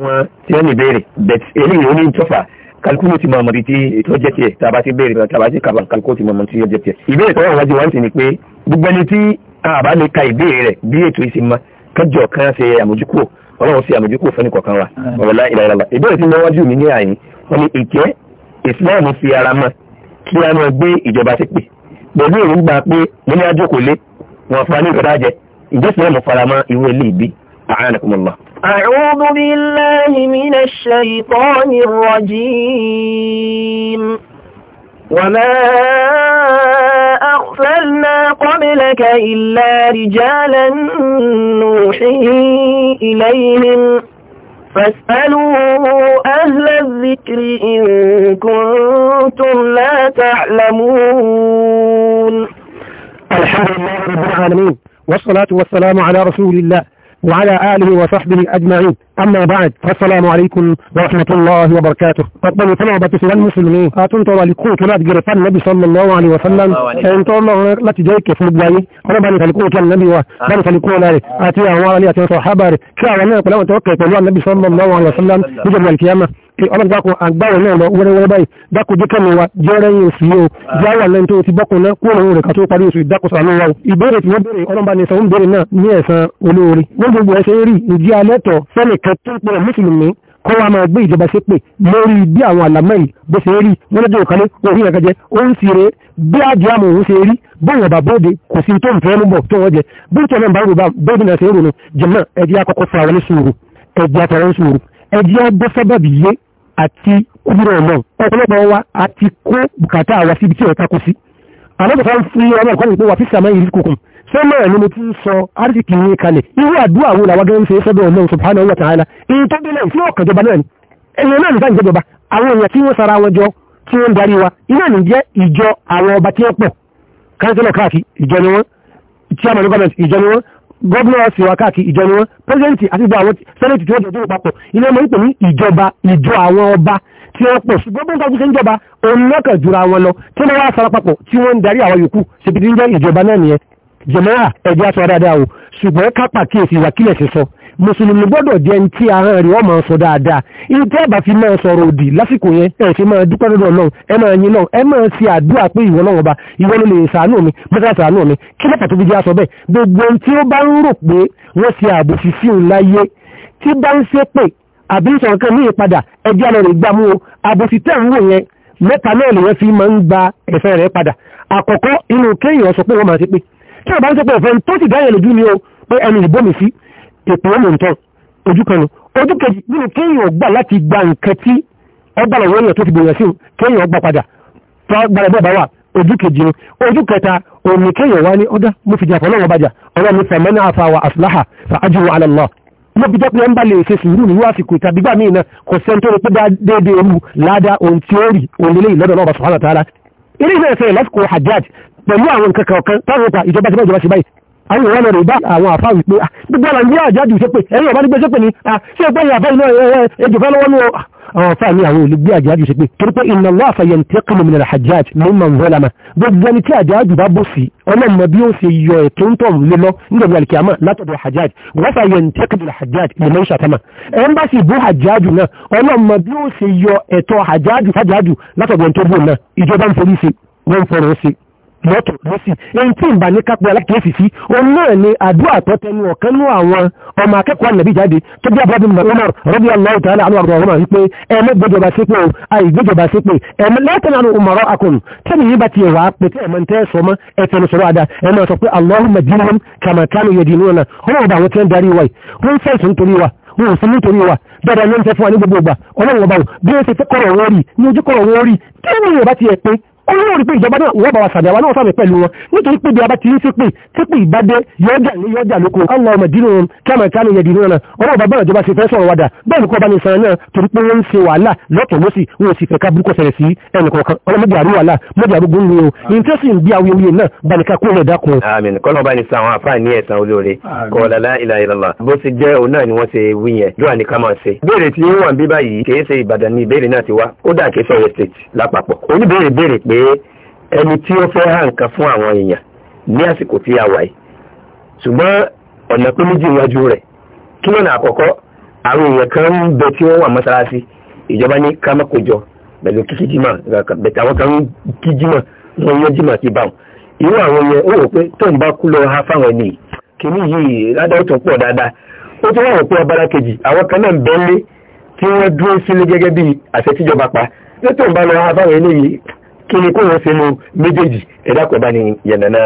wọn tí wọ́n ní ìbéèrè bẹ̀t eléyìí ó ní ìjọfà kálukú ti mọ̀mọ́ tí tó jẹ́ tiẹ̀ tàbá ti béèrè tàbá ti kàbà kálukú ti mọ̀mọ́ tí ó jẹ́ tiẹ̀. ìbéèrè tó wà wájú wa ń sì ni pé gbogbo ẹni tí àbá lè ka ìbéèrè rẹ̀ bí ètò ìsinmi kájọ kan ṣe àmójúkúrò ọlọ́run ṣe àmójúkúrò fẹ́ni kọ̀ọ̀kan wa ọ̀rọ̀lá ìlàlá ìbéèrè tí wọ́n wájú mi ní àyín wọ́n ní ìjẹ́ ìsìláàmù fi ara mọ́ kí a máa gbé ìjọba sí pè pẹ̀lú èròǹgbà pé mo ní ajókòó lé wọn fún wa ní ìrọ̀lá jẹ ìjẹ́sìláàmù faramọ́ irú eléyìí أعانكم الله أعوذ بالله من الشيطان الرجيم وما أغفلنا قبلك إلا رجالا نوحي إليهم فاسألوا أهل الذكر إن كنتم لا تعلمون الحمد لله رب العالمين والصلاة والسلام على رسول الله وعلى آله وصحبه أجمعين أما بعد فالسلام عليكم ورحمة الله وبركاته أقبل طلبة سوى المسلمين أتنت ولكوت لا تجرفان النبي صلى الله عليه وسلم أنت الله لا تجيك في البلاي أنا بني تلكوت النبي وبني تلكوت لاري أتي أهوالي أتي صحابة شعر أنا قلت وكيت النبي صلى الله عليه وسلم بجمع الكيامة pé ọlọ́run dákun àgbáwọ̀ náà lọ wẹ́rẹ́wẹ́rẹ́ báyìí dákun jẹ́ kẹ́mi wa jẹ́ rẹ́yìn oṣù yìí o jẹ́ àwọn lẹ́yìn tó ti bọ́kùn náà kúrò lórí rẹ̀ ká tó parí oṣù dákun sàánú wa o. ìbéèrè wa máa gbé ìjọba sí pé lórí bí àwọn àlámọ́ yìí bó ṣe rí wọ́n lọ́jọ́ ìkàlẹ̀ orí ẹ̀kẹ́ jẹ́ ó ń ti rè bí àjẹmọ̀ òun ṣe rí bóyá bá bóde kò sí tó ń fẹ́ ló ń bọ̀ tó wọ́n jẹ bí tí ọlọ́run bá rò bá bóde náà ṣe ń ronú yé àti kúrò náà ọ̀pọ̀lọpọ̀ wa àti kó bùkátà wa síbi tí ọ̀ta kó sí àlọ́bọ̀ká ń fún ọmọ ìkọ́ni pé wà fi sàmọ́ ìrísí kòkùn sọ́mọ́ ẹ̀ ni mo ti ń sọ àrísìkì yín kalẹ̀ irú àdúrà wo làwọn gẹ́gẹ́ ń ṣe sọ́dọ̀ ọlọ́run subhanahu wa ta'ala èyí tó délẹ̀ fún ọ̀kan jọba náà ni èèyàn náà nìkan gọ́ọ̀nà ṣèwà káàkiri ìjọ ni wọ́n pẹ́sidẹ́ntì àti gbogbo àwọn sẹ́nẹ̀tì tí wọ́n jọjọ́ papọ̀ ilé ọmọ ìpè ní ìjọba ìjọ àwọn ọba tí wọ́n pọ̀ ṣùgbọ́n bí wọ́n tọ́jú sí ìjọba onílọ́kàn jura wọn lọ tí wọ́n wá sara papọ̀ tí wọ́n ń darí àwọn yòókù ṣèbí ń jẹ́ ìjọba náà nìyẹn jẹ̀mọ́ra ẹ̀jẹ̀ aṣọ dáadáa o ṣùgbọ́n ká pàkíyèsí ìwà kílẹ̀ sísọ mùsùlùmí gbọ́dọ̀ jẹ́ ní tí ara rẹ̀ wọ́n máa sọ dáadáa irú tí àbá fi máa sọ̀rọ̀ òdì lásìkò yẹn ẹ̀ ṣe máa dúpẹ́ lọ́dọ̀ náà ẹ máa yin náà ẹ máa ṣe àdúrà pé ìwọ náà ọba ìwọ ló lè ṣàánú mi mẹ́ta ṣàánú mi kí lọ́pàá tó fi jẹ́ aṣọ bẹ́ẹ̀ gbogbo ohun tí ó bá ń rò pé wọ́n ṣe ààbò sí sí òun láyé tí bá ń ṣe pé àbí ìṣọ̀rọ̀ kan ní ìpadà ẹjẹ́ lọ ètò wọn nìkan ojú kan ojú kejì nínú kéèyàn gbà láti gba nǹkan tí ọgbà lọ́wọ́ èèyàn tó ti gbìyànjú sí kéèyàn gbà padà tó gbàdà bẹ́ẹ̀ bá wà ojú kejì ni ojú kẹta òní kéèyàn wá ní ọdá mo fi jàpọ̀ lọ́wọ́ bàjà ọ̀rọ̀ mi fẹ̀mẹ́nà afa wa aslaha fa ajru ala Allah mo fi jẹ́ pé ń bá lè ṣe sùúrù ní àsìkò ìta gbígbà míì náà kò sẹ́ni tó rẹ pé déédéé rú ládàá ohun tí ó rí òun lélẹ́yìn lọ́dọ̀ náà subhanahu àwọn ìwọ́n lọ́rọ̀ ìbá àwọn àfá wípé ah, gbogbo ọ̀nà ní àjájú ṣe pé ẹ̀yìn ọ̀bá nígbẹ́ ṣe pé ní ṣe pé ìyàfá iná ẹjù fẹ́ lọ́wọ́ ní àwọn àfá ní àwọn olùgbé àjájú ṣe pé torí pé inna Allah yantaqimu min al-hajjaj mimman zalama gbogbo ẹni tí àjájú bá bó sí ọlọ́mọ bí ó ṣe yọ ẹ̀tọ́ ń tọ̀m lé lọ nígbàgbé alkiyama látọ̀dọ̀ hajjaj wọ́fà yantaqimu al-hajjaj liman shatama ẹ̀ńbàṣì bú hajjaj náà ọlọ́mọ bí lọ́tọ̀ lọ́sì ẹni tí ìbá ní kápẹ́ alákìyèsí sí òun náà ni àdúrà tó tẹnu ọ̀kan ní àwọn ọmọ akẹ́kọ̀ọ́ ànàbí jáde tó bí abúlé mọ̀lọ́mọ̀ rọ́bí aláwọ̀ tó aláwọ̀ àrùn ọ̀rọ̀ wípé ẹ̀mí gbẹjọba sípò àì gbẹjọba sípò ẹ̀mí lẹ́tẹ̀lá ní ọmọrọ̀ akọ̀nù tẹ́lẹ̀ yìí bá ti wà á pé tẹ́ ẹ̀mọ́ tẹ́ sọ mọ́ ẹ̀tẹ̀nu sọ̀rọ̀ àdá ẹ̀mọ́ sọ pé Allahumma kama kanu yadinuna ọlọ́run ọba àwọn tí ń wa yìí wọ́n ń fẹ́ẹ̀sì nítorí wa wọn ò fún nítorí wa bẹ́ẹ̀ ni wọ́n ń fẹ́ fún wa ní gbogbo ìgbà ọlọ́run ọba wọn bí wọ́n ti fẹ́ kọ̀rọ̀ wọ́n rí ní ojú kọ̀rọ̀ wọ́n rí kí ni ìyẹn bá ti yẹ pé olóòrí pé ìjọba náà wọ́n bá wa sàbẹ̀ náà sàbẹ̀ pẹ̀lú wọn nítorí pé bí a bá ti rí sípè sípè ìbádé yọjà ní yọjà lóko ọlọ́ọ̀ mẹ̀dínú kẹ́mẹ̀ kánú yẹ̀dínú náà ọlọ́ọ̀ bá bẹ̀rẹ̀ ìjọba ṣe fẹ́ sọ̀rọ̀ wádà bẹ́ẹ̀ ni kò ní sàn náà torí pé wọ́n ń ṣe wàhálà lọ́tọ̀ wọn ò sì fẹ́ ká burúkọ ṣẹlẹ̀ sí ẹnì ọlọ́mọdé ẹni tí ó fẹ́ hàn kan fún àwọn èèyàn ní àsìkò tí a wà yìí ṣùgbọ́n ọ̀nà pé méjì iwájú rẹ̀ kí lọ́nà àkọ́kọ́ àwọn èèyàn kan ń bẹ tí wọ́n wà mọ́sálásí ìjọba ní kámọ́kòjọ pẹ̀lú kíkí bẹ̀tẹ̀ àwọn kan ń kí àwọn yẹn ó wò pé tó ń ha fáwọn ẹni kìíní yìí ládàá tó pọ̀ kí ni kó wọ́n ṣe nu méjèèjì ẹ̀dá pẹ̀lú ní yànnàná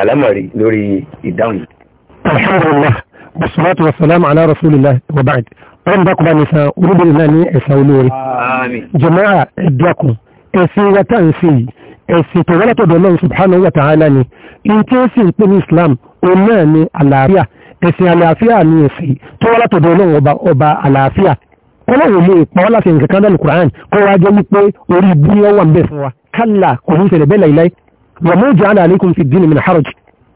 àlámọ̀rí lórí ìdáhùn yìí. alhamdulillah wasalaatu wasalaamu ala rasulillah wa ba'd ọlọ́run dákun bá ní san orúbìnrin náà ní ẹ̀sà olóore. jọ̀mọ́ra ẹ̀dọ́kun ẹ̀sìn wa tá à ń ṣe yìí ẹ̀sìn tó wọ́n látọ̀dọ̀ náà subhanahu wa ta'ala ni in tí ó sì ń pè ní islam òun ni àlàáfíà ẹ̀sìn àlàáfíà ni ẹ̀sìn tó wọ́n látọ̀dọ̀ náà ọba àlàáfíà ọlọ́run lè pa ọ́ nǹkan kan dánù Qur'an kó wá wípé orí ibú ni ó wà ń bẹ̀ fún wa kálà kò ní ṣẹlẹ̀ bẹ́ẹ̀ láìláì wọ́n mú jẹ́ aláàlékún fi dín min haraj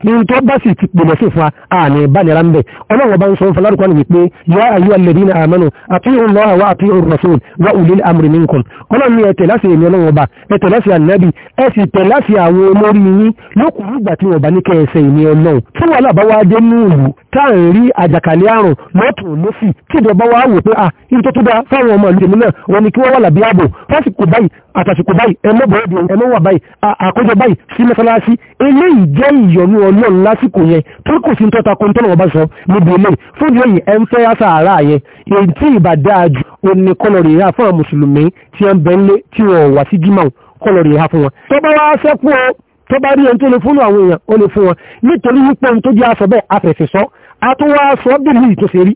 ní tó bá sì ti pèmọ̀ sí fún àmì ìbánira ń bẹ̀ ọlọ́run bá ń sọ fún lárúkọ ní pé yá ayú alladhina amanu ati'u Allaha wa ati'u ar-rasul wa ulil amri minkum ọlọ́run ní ẹ̀tẹ̀ láti èmi ọlọ́run ọba ẹ̀tẹ̀ láti ànábì ẹ̀ tẹ̀ láti àwọn olórí yín lókùnrin ìgbà tí wọ́n bá ní kẹ́ ẹ̀sẹ̀ ìní ọlọ́run fún wàhálà bá wá dé ní ìlú táà ń rí àjàkálẹ̀ àrùn lọ́tún lọ́sì tí ìjọba wa wò pé ah ibi tó tó dá fáwọn ọmọ ìlú náà wọn ni kí wọ́n wà lábí ààbò fásitì báyìí àtàsìkò báyìí ẹmọ bọ̀rọ̀ di ẹmọ wà báyìí àkójọ báyìí sí mẹ́sàlásí eléyìí jẹ́ ìyọnu ọlọ́run lásìkò yẹn tó kò sí tọ́ta kó ń tọ́nà ọba sọ níbi ilé fún ìdí ẹ̀yìn ẹn fẹ́ sàárà yẹn èyí tí ìbàdáàjù òní kọlọ̀rì ìhà fún àwọn mùsùlùmí tí ẹ ń bẹ tí wọ́n wà sí jímọ̀ kọlọ̀rì ìhà fún wọn. tó bá sẹ́kù ọ tó rí ẹni tó lè fún àwọn èèyàn ó lè fún wọn nítorí wípé ohun tó jẹ́ aṣọ bẹ́ẹ̀ afẹ̀fẹ̀sọ́ a tó wá sọ bẹ́ẹ̀ ní ìtòsí rí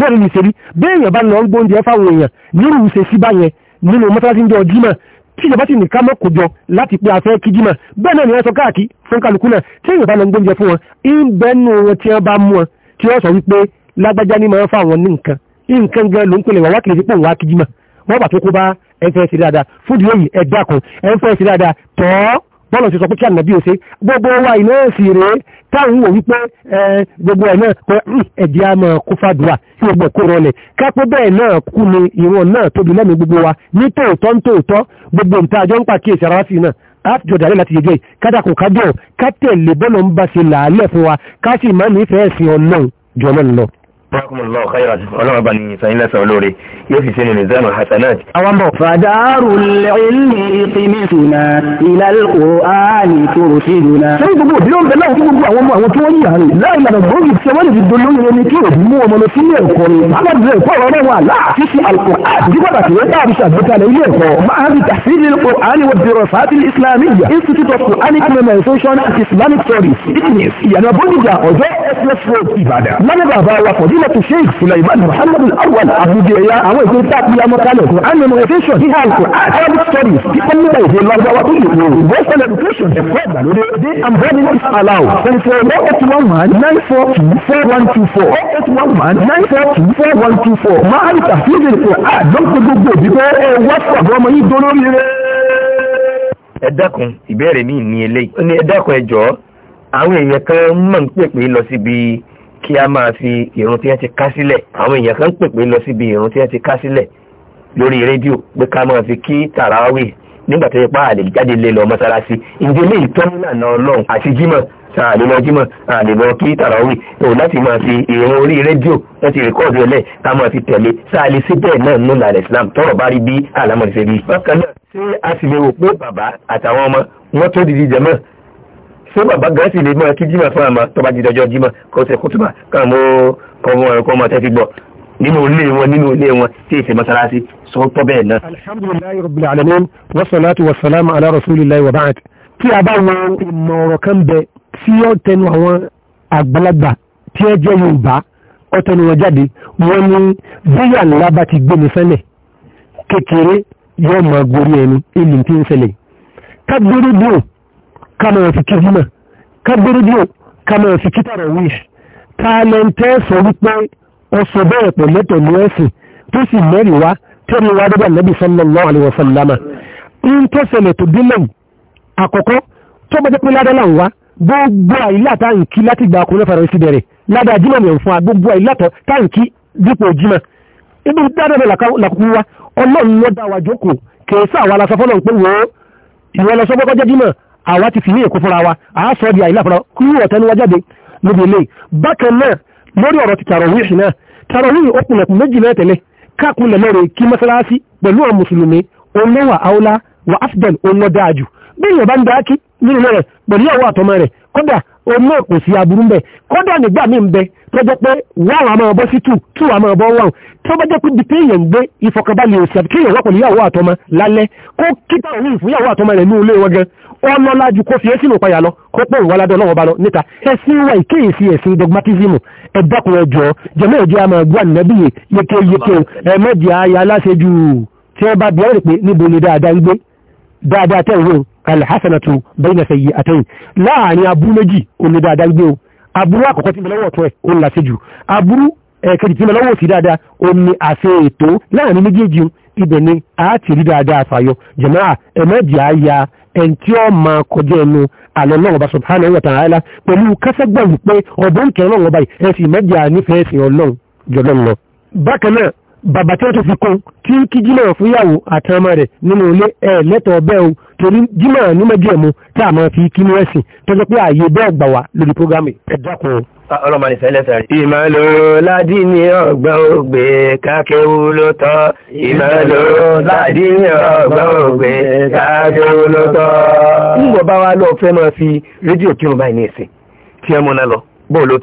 bẹ́ẹ̀ ní ìṣerí bẹ́ẹ̀ yẹn bá lọ ń gbóúnjẹ fáwọn èèyàn nírú ṣe sí báyẹn nínú mọ́tàlásí ń jọ jímọ̀ tí ìjọba sì nìkan mọ́ kò jọ láti pé afẹ́ kí bẹ́ẹ̀ náà ni wọ́n sọ káàkiri fún kálukú náà tí èèyàn bá lọ ń gbóúnjẹ fún wọn ìbẹ́nu wọn tí wọ́n bá mú wọn tí wọ́n sọ wípé lágbájá ní máa ń fà wọn ní nǹkan nǹkan gan ló bọ́ọ̀lù ti sọ pé kí ànàbí ò ṣe gbogbo wa iná èsì rèé táwọn wò wípé gbogbo ẹ̀ náà pé ẹ̀dí a máa kó fàdúrà tí gbogbo ẹ̀kọ́ rọlẹ̀ kápẹ́ bẹ́ẹ̀ náà kú ni ìwọ̀n náà tóbi lẹ́nu gbogbo wa ní tòótọ́ ní tòótọ́ gbogbo nǹkan àjọ ń pa kí èsì ara sí náà àtijọ́ ìdálẹ́ láti yẹjọ́ yìí kádàkùn kájọ́ ká tẹ̀lé bọ́ọ̀lù ń bá ṣe làálẹ̀ fún wa ká sì má nífẹ̀ẹ́ ẹ̀sìn ọlọ́run jọmọ́ lọ. جزاكم الله خيرا ولا بني فإن سولوري يوفي سن الميزان الحسنات فدار العلم اقمتنا الى القران ترشدنا سيد ابو اليوم بالله سيد ابو هو هو توجي هل لا الا الضوء السواد في الدنيا يمكن مو من في القران ما بعرف هو لا لا في القران دي بقى في وقت عبد الشهاب بتاع اليوم ما هذه تحفيز للقران والدراسات الاسلاميه انستيتوت اوف القران اند ميديتيشن اند اسلامك ستوريز يعني ابو دي جا او ده اسمه في بعده ما fadilatu sheikh sulaiman muhammad al-awwal abujeya àwọn ìpín tá a pè ọmọ kalẹ̀ fún animation híhá alquran arabic studies kíkọ́ nígbà èdè lọ́gbàwá tó yẹ kúrò vocal education ẹ̀kọ́ ìgbàlódé dé and very much allowed twenty-four one eight one one nine four two four one two four eight one one nine four two four one two four máa ń tàfíìsì quran lọ́pọ̀ gbogbo òbí pé ẹ wá fún àbọ̀ ọmọ yìí dolórí rẹ̀. ẹ dákun ìbéèrè mi ní eléyìí ó ní ẹ dákun ẹ jọ̀ọ́ àwọn èèyàn kan mọ̀ ń pèpè lọ síbi kí a máa fi ìrun tí wọ́n ti ká sílẹ̀ àwọn èèyàn kan pèpè lọ síbi ìrun tí wọ́n ti ká sílẹ̀ lórí rédíò pé ká máa fi kí tàràwì nígbà tó yẹ pa àlè jáde lé lọ mọ́sálásí ìdí ilé ìtọ́nìlànà ọlọ́run àti jímọ̀ àlè lọ jímọ̀ àlè lọ kí tàràwì ò láti máa fi ìrun orí rédíò wọ́n ti rìkọ́ọ̀dù ẹlẹ́ ká máa fi tẹ̀lé sáàlì síbẹ̀ náà nù làlẹ̀ Islam tọrọ bá rí bí àlámọ̀ ìfẹ́ bí. bákan náà ṣé a sì ṣé bàbá gan sì lè mọ́ kí jímọ̀ fún àmà tó bá di dọjọ́ jímọ̀ kó ṣe kútùbà káàmú kọmọ ẹ̀kọ́ ọmọ tẹ́ fi gbọ́ nínú ilé wọn nínú ilé wọn tí èsì mọ́sálásí sọ tọ́ bẹ́ẹ̀ náà. alhamdulilayi rabbil alamin wa salatu wa salamu ala rasulillahi wa ba'd tí a bá wọn ìmọ̀ ọ̀rọ̀ kan bẹ tí ó tẹnu àwọn àgbàlagbà tí ẹ jẹ́ yorùbá ó tẹnu wọn jáde wọn ní bóyá ńlá ti gbé mi sẹ́lẹ̀ kékeré yóò máa gorí ẹni èlì tí ń ṣẹlẹ̀ ká gbórí dùn kama ya fi kí jimá kágbérí bí o kama ya fi kí tarawih tààlẹ̀ntẹ́ sọ wípé ọsọ bẹ́ẹ̀ pẹ̀lẹ́ pẹ̀lú ẹ̀sìn tó sì mẹ́rin wá tẹ́rin wá dọ́gbà nẹ́bí sallallahu alaihi wasallam ń tó ṣẹlẹ̀ tó dínlẹ̀ àkọ́kọ́ tó bá jẹ́ pé ládàlá ń wá gbogbo àìlà táǹkì láti gba ọkùnrin fara sí bẹ̀rẹ̀ ládà jímọ̀ mẹ́rin fún wa gbogbo àìlà táǹkì dípò jímọ̀ ibi dáadáa làkúkú wa ọlọ́run lọ́dà wa jókòó kèé sáà wa lásán fọ́lọ́ ń pè wọ́n ìwọ lọ sọ́gbọ́kọ́ jẹ́ jímọ̀ àwa ti fi ní èkó fúnra wa àá sọ di àìlà fúnra kúrú ọ̀tẹ́ ní wájáde níbi ilé bákan náà lórí ọ̀rọ̀ ti tàrọ̀wíṣì náà tàrọ̀wíṣì ó kùnlẹ̀kùn méjì náà káàkùnlẹ̀ lọ́rẹ̀ kí mọ́sálásí pẹ̀lú àwọn mùsùlùmí olówà aula wà afdal olódáàjù bí ìyọ̀bá ń dáákí nínú rẹ̀ pẹ̀lú àwọn àtọmọ rẹ̀ kódà omi kò sí aburú ń bẹ kódà nígbà míì ń bẹ tó jẹ́ pé wọ́n àwọn ọmọ sí tù tù àwọn ọmọ wọn tó bá jẹ́ pé bí téèyàn ń gbé ìfọkànbalẹ̀ òsì àti kéèyàn wọ́pọ̀ àtọmọ lálẹ́ kó kíta òun ìfúnyàwó àtọmọ rẹ̀ ní olóòwò gan wọ́n lọ lájú kó fi ẹ́sìn òpáyà lọ kó pọ̀ ìwà ládọ́ lọ́wọ́ bá lọ níta ẹ̀sìn wà ìkéyèsí ẹ̀sìn dogmatism ẹ̀dọ́kùn ẹ̀jọ́ jẹ̀mọ́ ẹ̀jẹ́ àmọ́ ẹ̀gbọ́n ànábì yeke yeke ẹ̀mọ́jẹ́ aya aláṣejù tí wọ́n bá bí ọ́rẹ̀ pé níbo ni dáadáa ń gbé dáadáa tẹ̀ wọ́n alhassanatu bayna sayyi'atayn láàrin aburú méjì òní dáadáa ń gbé o aburú àkọ́kọ́ tí mẹ́lọ́wọ́ tó ẹ̀ òun làṣejù aburú ẹ̀kẹ́jì tí mẹ́lọ́wọ́ sí dáadáa òní àṣẹ ètò láàrin méjèèjì ibẹ̀ ni a ti rí dáadáa fàyọ jẹ̀mọ́ ẹ̀mọ́jẹ́ aya ẹn tí ó máa kọjá ẹnu àlọ́ náà ọba subhanahu wa ta'ala pẹ̀lú kásẹ́gbọ̀n wípé ọ̀bọ̀n kẹrin náà ọba yìí ẹ̀sìn mẹ́jọ nífẹ̀ẹ́ ọlọ́run jọlọ́run lọ. bákan náà bàbá tí wọ́n tó fi kún tí ń kí jímọ̀ fún ìyàwó àti ọmọ rẹ̀ nínú ilé ẹ̀ lẹ́tọ̀ọ́ bẹ́ẹ̀ o torí jímọ̀ ní mẹ́jẹ̀mú tí a máa fi kí ní ẹ̀sìn tó jẹ́ pé ààyè bẹ́ẹ̀ gbà wá lórí prógámì ẹ dákun ọlọ́mọ nìfẹ́ ìmọ̀lòrò ládì ní ọgbọ́n ògbè kákéwú ló tọ́. ìmọ̀lòrò ládì ní ọgbọ́n ògbè kákéwú ló tọ́. ń bọ̀ bá wa lọ fẹ́ máa fi rédíò kírun báyìí ní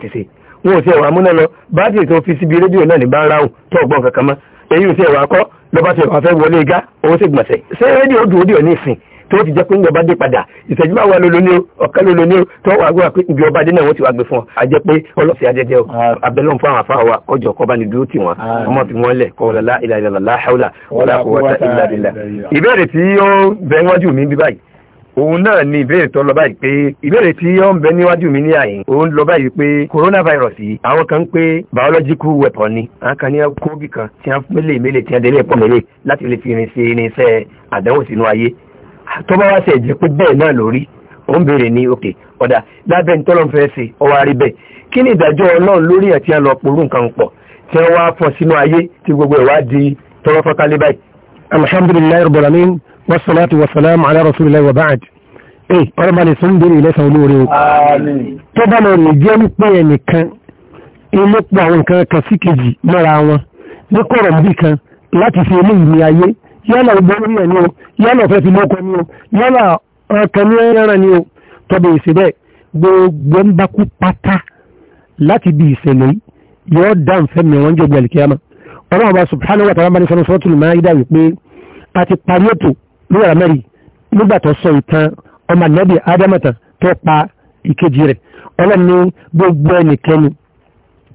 ìsìn wọn ò tí ẹ̀wà múná lọ bátìrì tó fi síbi rédíò náà ní bá ń ráhùn tó ọgbọ́n kankan mọ́ èyí ò tí ẹ̀wà kọ́ lọ́ba tí ẹ̀wà fẹ́ wọlé igá òun sì gbọ̀nsẹ̀ ṣé rédíò dùn ó dìọ̀ ní ìsìn tó ti jẹ́ pé ńgbọ̀n bá dé padà ìṣẹ́jú máa wà lólo ní o ọ̀kẹ́ lólo ní o tó wà gbọ́dọ̀ pé ibi ọba dé náà wọ́n ti wà gbé fún ọ àjẹ́ pé ọlọ́sẹ̀ ajẹ́jẹ́ o abẹ́lọ́n fún àwọn wa kọjọ kọ́ bá ní dúró tì wọ́n ọmọ fi wọ́n lẹ̀ kọ́ la la hawla wala quwwata illa billah ìbéèrè tí ó bẹ̀ wájú mi bí báyìí òun náà ni ìbéèrè tó lọ báyìí pé ìbéèrè tí ó ń bẹ níwájú mi ní àyìn òun lọ báyìí pé coronavirus yìí àwọn kan ń pé biological weapon ni àwọn kan ní kóògì kan tí wọ́n mélèé mélèé tí wọ́n délé ẹ̀pọ̀ mélèé láti lè fi irin ṣe irinṣẹ́ àdánwò sínú ayé tó bá wá ṣe jẹ́ pé bẹ́ẹ̀ náà lórí ó béèrè ní òkè ọ̀dà lábẹ́ ní tọ́lọ́n fẹ́ ṣe ọwọ́ àrí bẹ́ẹ̀ kí ni ìdájọ́ ọlọ́run lórí ẹ̀ tí wọ́n lọ porú nǹkan pọ̀ tí wọ́n wá fọ́ sínú ayé tí gbogbo ẹ̀ wá di tọ́lọ́fọ́kálé báyìí alhamdulilayi rabbil alamin wasalaatu wasalaamu ala rasulillahi wa ba'd ee ọ̀rọ̀ bá lè sọ ń bèrè ilẹ̀sàn olóore o tó bá lọ rè jẹ́ wípé ẹnìkan ilé pọ̀ àwọn nǹkan kan sí kejì mọ́ra wọn ní kọ̀rọ̀ níbì kan láti fi ilé ìní ayé yálà ọgbọ́n ní ẹni o yálà ọ̀fẹ́ fi mọ́kọ ní o yálà ọkàn ní ẹran ní o tọ́bẹ̀ ìṣẹ̀bẹ̀ gbogbo ń bá kú pátá láti bí ìṣẹ̀lẹ̀ yóò dáhùn fẹ́mi wọn jẹ́ gbẹ̀lì kíámà ọlọ́run ọba subhanahu wa ta'ala bá ní sọ́nà sọ́tùlù máa ń dà wípé a ti parí ètò ní yàrá mẹ́rin nígbà tó sọ ìtàn ọmọ ànábì ádámọ̀tàn tó pa ìkejì rẹ̀ ọlọ́run ní gbogbo ẹnìkẹ́ni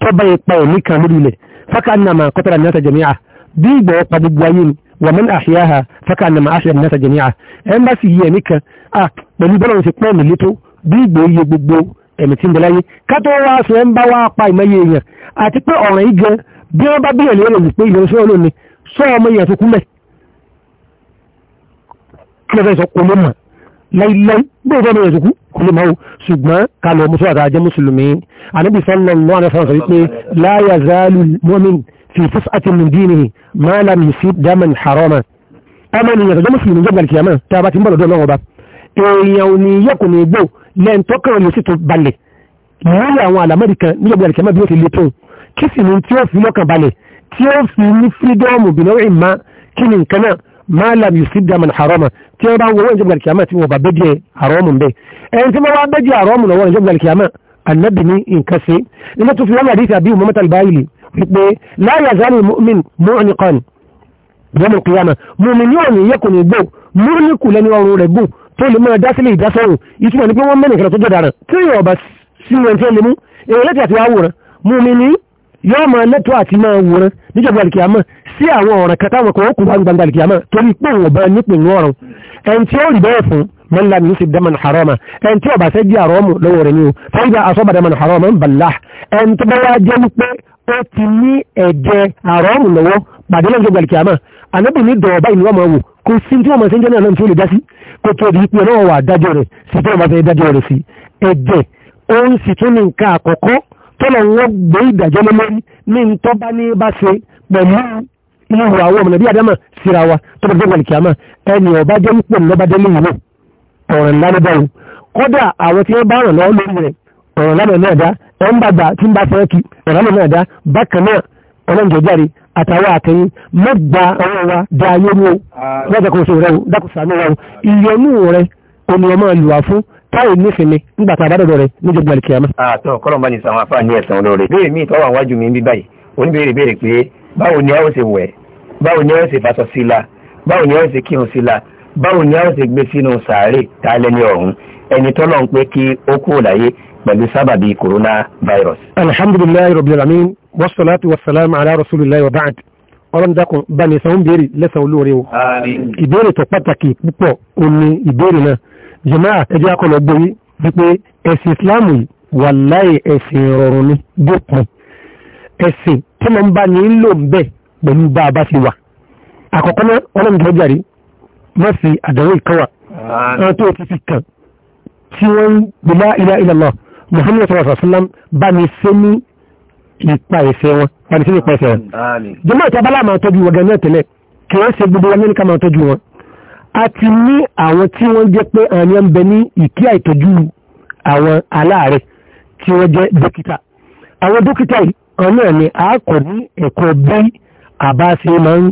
tó bá yẹ pa ẹ̀mí kan lórí ilẹ̀ fákà nàmà kọ́tàrà ní àtàjẹ̀ mìíràn bí ìgbà ọ̀pá gbogbo ayé ni wà mọ́n àṣíyáha fákà nàmà àṣíyá ní àtàjẹ̀ mìíràn ẹ̀mbásì yìí ẹ̀mí kan à pẹ̀lú bọ́lọ̀run ti pẹ́ẹ̀mì létó bí ìgbà iye gbogbo ẹ̀mí tí ń bẹ láyé kátó wá kí lọ́fẹ́ sọ kò lè mọ̀ láíláí bóyá bọ́ọ̀lù rẹ̀ sùkú kò lè mọ̀ o ṣùgbọ́n kalọ̀ mú sọ́wọ́ àtàjẹ́ mùsùlùmí ànábì sọ́nà lọ́wọ́ àná sọ́nà sọ wípé la yazalu mu'min fi tis'atin min dinihi ma lam yusib daman harama ọmọ ènìyàn tó jẹ́ mùsùlùmí jẹ́ gbàlìkìyàmọ́ tá a bá ti ń bọ̀ lọ́dọ̀ náà ọba èèyàn ò ní yẹ kò ní gbò lẹ́yìn tó kàn yóò sì tún balẹ̀ lórí àwọn àlámọ́dì máa làm yìí sí dáman harama tí wọ́n bá ń wọ́n ìjọba kìámà tí wọ́n bá bẹ́jẹ̀ haramu bẹ́ẹ̀ ẹni tí wọ́n bá bẹ́jẹ̀ haramu lọ́wọ́ ìjọba kìámà annabi ní nǹkan ṣe nígbà tó fi wọ́n àdíṣà bí umar mẹ́ta báyìí wípé láyé àzánì mu'min mu'niqan yọmọ kìámà mu'min yóò ní yẹ kò ní gbò múrùnìkù lẹ́ni ọrùn rẹ̀ gbò tó lè máa dásílẹ̀ ìdásọ́rùn ìtumọ̀ ní pé wọ́n mẹ́rin kẹrẹ tó jọ̀dá rẹ̀ tí yóò bá sí wọn tí ó lè mú èrè lẹ́tì àti wàá wòran mu'min yóò máa lẹ́tọ̀ sí àwọn ọ̀ràn kan táwọn kan kò wá gbangba kìyàmọ́ torí pé òun ọ̀bẹ nípìn ọ̀run ẹni tí ó rí bẹ́ẹ̀ fún mọ́lá ní sí dẹ́mọ̀nù harama ẹni tí ọba ṣẹ́ jí àrọ́mù lọ́wọ́ rẹ̀ ní o fáyidà asọ́ba dẹ́mọ̀nù harama ń bàlá ẹni tó bá wá jẹ́ wípé ó ti ní ẹ̀jẹ̀ àrọ́mù lọ́wọ́ pàdé lọ́jọ́ gbàlì kìyàmọ́ anábì ní dọ̀ọ̀bá pẹ̀lú ìhù àwọn ọmọ nàbí àdámà síra wa tó bá dẹ́gbà nìkìámà ẹni ọba jẹ́ nípò lọ́ba dẹ́lé ìlú ọ̀rọ̀ ńlá ló bẹ̀rù kódà àwọn tí wọ́n bá ràn lọ́wọ́ lórí rẹ̀ ọ̀rọ̀ ńlá náà dá ẹ̀ń bá gbà tí ń bá fẹ́ kí ọ̀rọ̀ náà dá bákan náà ọlọ́njọ́járe àtàwọn àtẹ̀yìn mẹ́gbà ọwọ́ wa dá ayé wo lọ́dọ̀kọ̀ọ́sọ rẹ̀ dákùsàánú wa ìyọnú rẹ̀ omi ọmọ ìlúwà fún táyì nífẹ̀ẹ́ nígbà a bá dọ̀dọ̀ rẹ̀ níjọ́ gbọ́dọ̀ kìámà. àtọ̀ ah, kọ́lọ́mbà ní sàwọn afáàní ẹ̀sán olóore. béèrè míì tọ́wọ́ àwọn wájú ń bí báyìí oníbèrè béèrè pé báwo ni a ó ṣe wẹ̀ báwo ni wọ́n ṣe bàtọ̀ sí la báwo ni wọ́n ṣe kírun sí la báwo ni wọ́n ṣe gbé sínú sàárè tá lẹ́ni ọ̀hún ẹni tọ́lọ̀ ń pé kí ó kúrò láyé pẹ̀lú sábàbí corona virus. alhamdulilayi rabbil alamin wasalaatu wasalaamu ala rasulilayi wa ba'd ọlọ́run dákun bá ní sanwó béèrè lẹ́sàn olóore o. ìbéèrè tó pàtàkì púpọ̀ o ìbéèrè náà jàmáà ẹjẹ́ akọlọ gbóyé wípé ẹ̀sìn ìsìláàmù yìí wàláhì ẹ̀sìn ìrọ̀rùn ní dópin ẹ̀sìn tí wọ́n bá ní lò ń bẹ́ẹ̀ pẹ̀lú bá a bá ti wà àkọ́kọ́ náà ọlọ́run tó jàre má sí àdánwò ìkọwà àwọn tó ti fi kàn tí wọ́n ń gbìlá ilá ilẹ̀ lọ Muhammad sallallahu alaihi wasallam bá ní ṣe ní ipa ẹ̀ṣẹ̀ wọn bá ní ṣe ní ipa ẹ̀ṣẹ̀ wọn. jọmọ ìta bá láàmà tọ́jú wọn ganan tẹ́lẹ̀ kì wọ́n a ti ní àwọn tí tí wọ́n jẹ́ dókítà. àwọn dókítà yìí àwọn àákọ̀ ní ẹ̀kọ́ bẹ́ẹ̀ àbá ṣe máa ń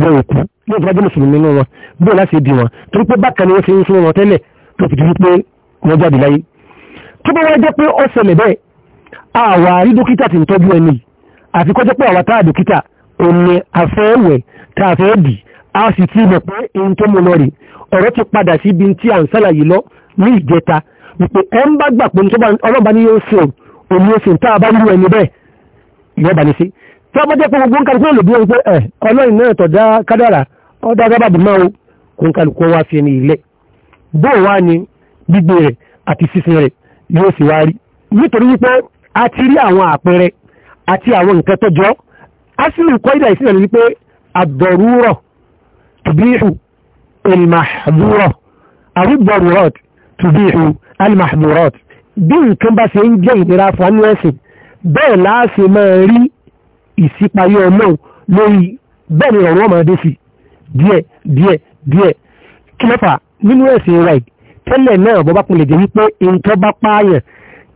wọ òkú ní ìjọba jẹ́ mùsùlùmí nínú wọn bóò láti di wọn torí pé bákan ni wọ́n ṣe ń fún wọn tẹ́lẹ̀ tó fi dúró pé wọ́n jáde láyé tó bá wá jẹ́ pé ó ṣẹlẹ̀ bẹ́ẹ̀ àwa rí dókítà ti ń tọ́jú ẹni àfi kọjọ́ pé àwa táà dókítà òní afẹ́wẹ̀ tá a fẹ́ dì a sì ti mọ̀ pé ohun tó mú lọ rè ọ̀rọ̀ ti padà sí ibi tí à ń sálàyé lọ ní ìjẹta wípé ẹ ń bá gbà pé ọlọ́ba ni yóò ṣe òun yóò ṣe tá a bá nílò ẹni bẹ́ẹ̀ ìyọ́ba ni sí tọ́bọ́jẹ́ fún gbogbo nǹkan tó lè bí ẹni pé ẹ̀ eh, ọlọ́run náà tọ̀ dá kádàrà ọ́ dá gábàbí máa o kò ń kálukú wá fi ẹni ilẹ̀ bó wá ni gbígbé rẹ̀ àti sísin rẹ̀ yóò sì wá rí nítorí wípé a ti rí àwọn àpẹẹrẹ àti àwọn nǹkan tó jọ á sì ń kọ́ ìdá ìsìnlẹ̀ wípé àdọ̀rúrọ̀ tùbíhù elmahadúrọ̀ àrígbọ̀rúrọ̀t tùbíhù elmahadúrọ̀t bí nǹkan bá ṣe ń jẹ́ ìnira fún ẹnu ẹ̀sìn bẹ́ẹ̀ láàṣẹ máa rí ìsípayé ọlọ́run lórí bẹ́ẹ̀ ni ọ̀rọ̀ ọmọdé sí díẹ̀ díẹ̀ díẹ̀ kí ló fà nínú ẹ̀sìn rẹ̀ tẹ́lẹ̀ náà bọ́ bá pinlẹ̀ jẹ́ wípé nǹkan bá pààyàn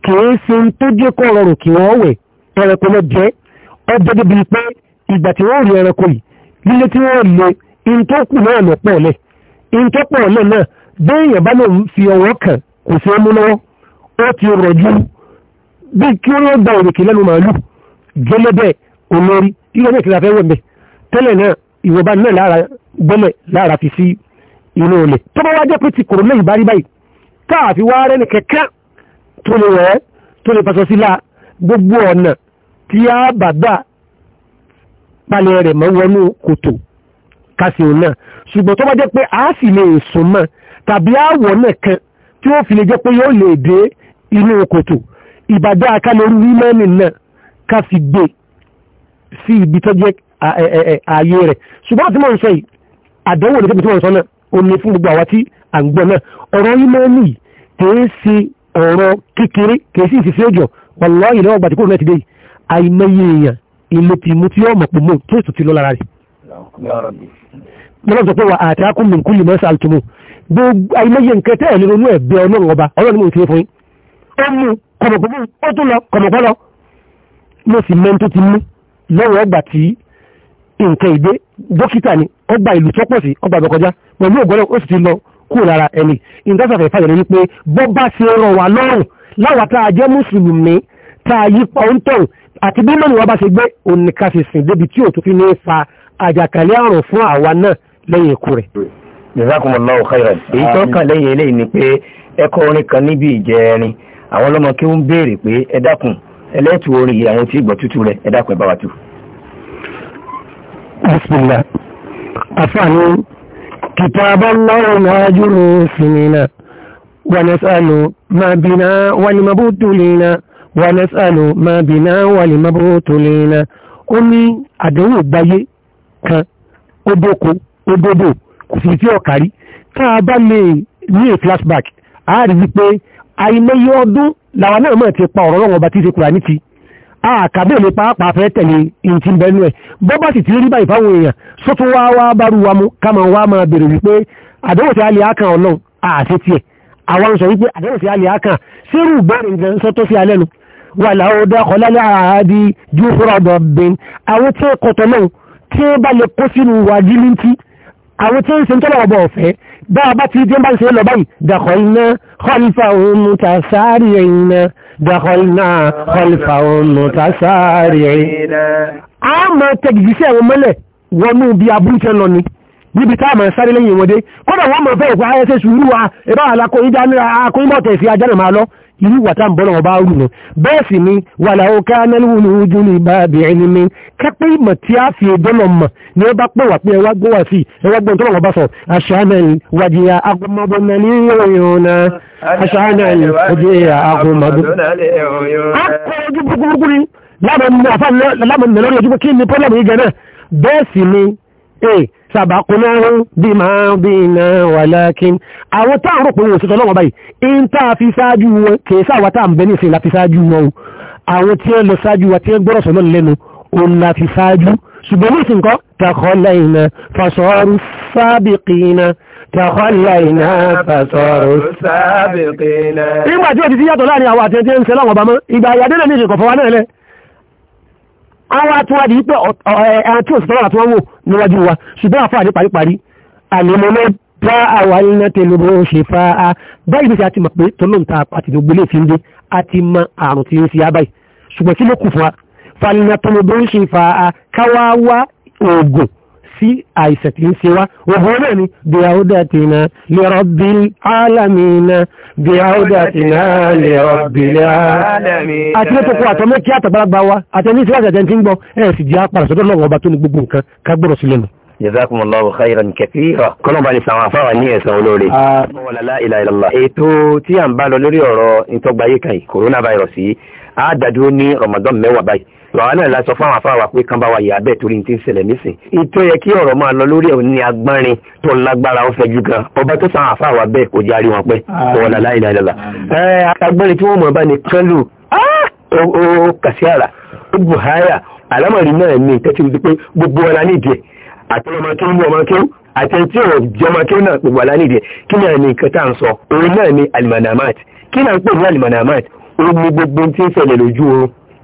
kìí ṣe ń tó jẹ́ kọ́ rọrùn kí wọ́n wẹ̀ ẹranko lọ jẹ́ ọjọ́ débi pé ìgbà tí wọ́n rí ẹranko yìí lílé tí wọ́n lo nǹkan kù náà lọ pọ̀ lẹ̀ nǹkan pọ̀ lẹ̀ náà béèyàn bá lòun fi ọwọ́ kàn kò sí ọmú lọ́wọ́ ó ti rọ̀ ju bí kí wọ́n gba òrèké lẹ́nu màálù gẹ́lẹ́ olórí ilé ní ìkìlá fẹ́ wọ̀ mẹ́ tẹ́lẹ̀ náà ìwọ̀nba náà lára gbọ́lẹ̀ lára fi sí inú olè tó bá wá jẹ́ pé ti kòrò lẹ́yìn bárí báyìí káàfi wá rẹ́ ní kẹ̀kẹ́ tó lè rẹ́ tó lè pàṣọ sílá gbogbo ọ̀nà tí a bàgbà palẹ̀ rẹ̀ mọ́ wọnú kòtò kásìó náà ó fi lè jẹ́ pé yóò lè dé inú kòtò ìbàdá akálórí wímẹ́nì náà ká fi gbé sí ibi tó jẹ́ ààyè rẹ̀ ṣùgbọ́n àti mò ń sọ yìí àdánwò ní tẹ́bí tí mò ń sọ náà ó ní fún gbogbo àwa tí à ń gbọ́ náà ọ̀rọ̀ ìmọ̀ọ́nì kìí ṣe ọ̀rọ̀ kékeré kìí sì ìfìfẹ́ òjò wàlọ́ ìlọ́wọ́ gbàtí kúrò náà ti dé yìí àìmọye èèyàn ilé ti mú tí ó mọ̀ pò mọ́ tó ètò ti lọ lára rẹ̀ lọ́nà tó pé wà àti akúnmù kú mọ́sà àtúmù gbogbo àìmọye nǹkan tẹ́ ẹ̀lẹ́ ronú ẹ̀bẹ̀ ọlọ́run ọba ọlọ́run mo ti fún yín ó mú kọ̀mọ̀kọ̀mọ̀ ó tún lọ kọ̀mọ̀kọ̀ lọ mo sì mẹ́ni tó ti mú lọ́wọ́ ọgbà tí nǹkan ìgbé dókítà ni ọgbà ìlú tọ́pọ̀ sí ọgbà ìbọ̀kọjá pẹ̀lú ògbọ́lọ́ ó sì ti lọ kúrò lára ẹni ìdásàfẹ́ fàyẹ̀rẹ̀ wípé bọ́ bá ṣe rọ̀ wá lọ́rùn láwa tá a jẹ́ mùsùlùmí tá a yípa ń tọ̀hún àti bí mọ́nì wa bá ṣe gbé òníkà débi tí òtún fi ní fa àjàkálẹ̀ àrùn fún àwa náà lẹ́yìn ikú rẹ̀. jazakumullahu khairan èyí tó kàn ẹlẹ́tù orin yìí àwọn tí tutu tútù rẹ̀ ẹ dákun ẹ wa tú. bisimilá afaani kìtàbọ̀ lọ́rọ̀ náà jùlọ sinina ma bina walimabutulina wanasalu ma bina walimabutulina ó ní àdéhùn gbáyé kan ó bóko kò sì tí ọ̀kárí tá a bá lè ní a flashback a wípé àìmọye làwọn náà mọ̀ ti pa ọ̀rọ̀ lọ́wọ́ ọba tí ṣe kùrà ní ti àkàbẹ̀ ní pàápàá fẹ́ tẹ̀lé ìntì bẹ́nu ẹ̀ bọ́ bá sì ti rí báyìí fáwọn èèyàn sọ́tún wá wá bárú wa mú ká máa wá máa bèrè wípé àdéhùn tí a lè ákàn ọlọ́run àṣẹ tiẹ̀ àwọn ń sọ wípé àdéhùn tí a lè ákàn sírù bẹ́ẹ̀rẹ̀ ìgbẹ́ sọ́tọ́ sí alẹ́nu wà láwọ́ dákọ̀ lálẹ́ àádi ju fúra ọ̀dọ̀ bẹ́ẹ̀ àwọn tí ó kọ̀tọ̀ náà tí ó bá lè kó sínú wà خلفهم متسارعين دخلنا خلفهم متسارعين a máa tẹ̀gìdì sí ẹ̀wọ̀n mọ́lẹ̀ wọnú bí abúrúṣẹ́ lọ ni níbi tá àmà sáré lẹ́yìn ìwọ́dé kọ́dà wọ́n mọ̀ fẹ́ òkú ayẹ́sẹ̀ sùúrù ah, wa ẹ̀bá àlàkóyíjá níra ah, akóyímọ̀tẹ̀ sí ajánà máa lọ irú wàtá ń bọ́lọ̀ ọba rù nù bẹ́ẹ̀ sì ni wà láwọ́ ká nẹ́lúwùlú ojú ní ìbáàbí ẹni mi kápẹ́ ìmọ̀ tí a fi ìbọ́lọ̀ mọ̀ ni ó bá pẹ̀ wà pé ẹwà gbọ́ wà sí ẹwà gbọ́n tó lọ́wọ́ bá sọ aṣáánàlì wàjíyà agbọmọbọnà ní ìròyìn aṣáánàlì wàjíyà agbọmọbọnà sàbàkúnáhún bí máa bí iná wàlákin àwọn táà rò pé wọ́n sí tọ́lọ́wọ́ báyìí in táà fi ṣáájú wọn kìí sáwà táà ń bẹ ní ìsìn láti ṣáájú wọn àwọn tí ó lọ ṣáájú wa tí ó gbọ́rọ̀ sọ́nà lẹ́nu òun láti ṣáájú ṣùgbọ́n ní ìsìn kan tàkọ́lẹ̀ iná àwọn àtúwádìí pé àti òsìtọ́ àwọn àtúwádìí níwájú wa ṣùgbọ́n àfáàdé paríparí àlèmọ́ náà bá àwọn alẹ́nà tẹ́lẹ̀ bó ṣe fa a báyìí bí ṣe àti mọ̀ pé tọ́lọ́ǹta àti gbogbo lè fi ń dé àti mọ àrùn tí ń fi abáyì ṣùgbọ́n kí ló kù fún wa falẹ́nà tọ́lọ́ bó ṣe fa a káwá wá oògùn sí àìsẹ̀ tí ń ṣe wá òhun náà ni bí a ó dàtìna lè rọ́bí alámìnà bí a ó dàtìna lè rọ́bí alámìnà àti lẹ́tọ̀kọ́ àtọ́mẹ́kí àtàgbàlagbà wa àtẹ́ní sí àjàjẹ́ tí ń gbọ́ ẹ̀ sì jẹ́ apàrà sọ́dọ̀ lọ́wọ́ ọba tó ní gbogbo nǹkan kágbọ́rọ̀ sí lẹ́nu jazakumullahu khairan kathira kọlọmba ni sàwọn afáwà ní ẹ̀sán olóore. ètò tí à ń bá lọ lórí ọ̀rọ̀ ìtọ́gbayé kan yìí coronavirus yìí á dàdúró ní Ramadan mẹ́wàá báyìí wàhálà náà la sọ fún àwọn afáwà pé kán bá wa yà bẹ́ẹ̀ torí ti ń ṣẹlẹ̀ nísìn ìtọ́ yẹ kí ọ̀rọ̀ máa lọ lórí òní agbárin tó lágbára ó fẹjú gan ọba tó sàn àfáwà bẹ́ẹ̀ kò járí wọn pẹ́ wọ́n láì láì lọ́la agbárin tí wọ́n mọ̀ bá ní kánlù ó kàṣíàrà ó buhaya alámọ̀rí náà ní tẹ́tí ní pé gbogbo ọ̀la nídìí àti ọmọ tó ń mú ọmọ kéwù àtẹ̀tí ọ̀rọ̀ jọmọ kéwù náà gbogbo ọ̀la nídìí kí náà ní nǹkan tá à ń sọ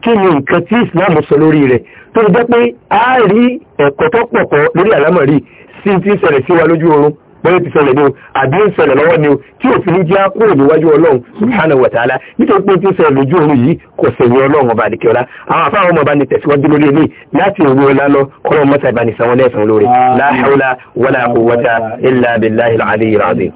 kí ni nǹkan tí islam sọ lórí rẹ̀ tó jẹ́ pé a rí ẹ̀kọ́ tó pọ̀pọ̀ lórí àlámọ̀rí sí ti ṣẹlẹ̀ sí wa lójú oorun bọ́yọ̀ ti ṣẹlẹ̀ ní o àbí ń ṣẹlẹ̀ lọ́wọ́ ni o tí òfin jẹ́ kúrò níwájú ọlọ́run subhanahu wa ta'ala nítorí pé tí ń ṣẹlẹ̀ lójú oorun yìí kò sẹ̀yìn ọlọ́run ọba àdìkẹ́ọ́lá àwọn afáwọn ọmọ ọba ní tẹ̀síwájú lórí ẹni láti òwe ọlá lọ kọ́lọ́ mọ́ta ìbánisàn wọn lẹ́sàn lórí la hawla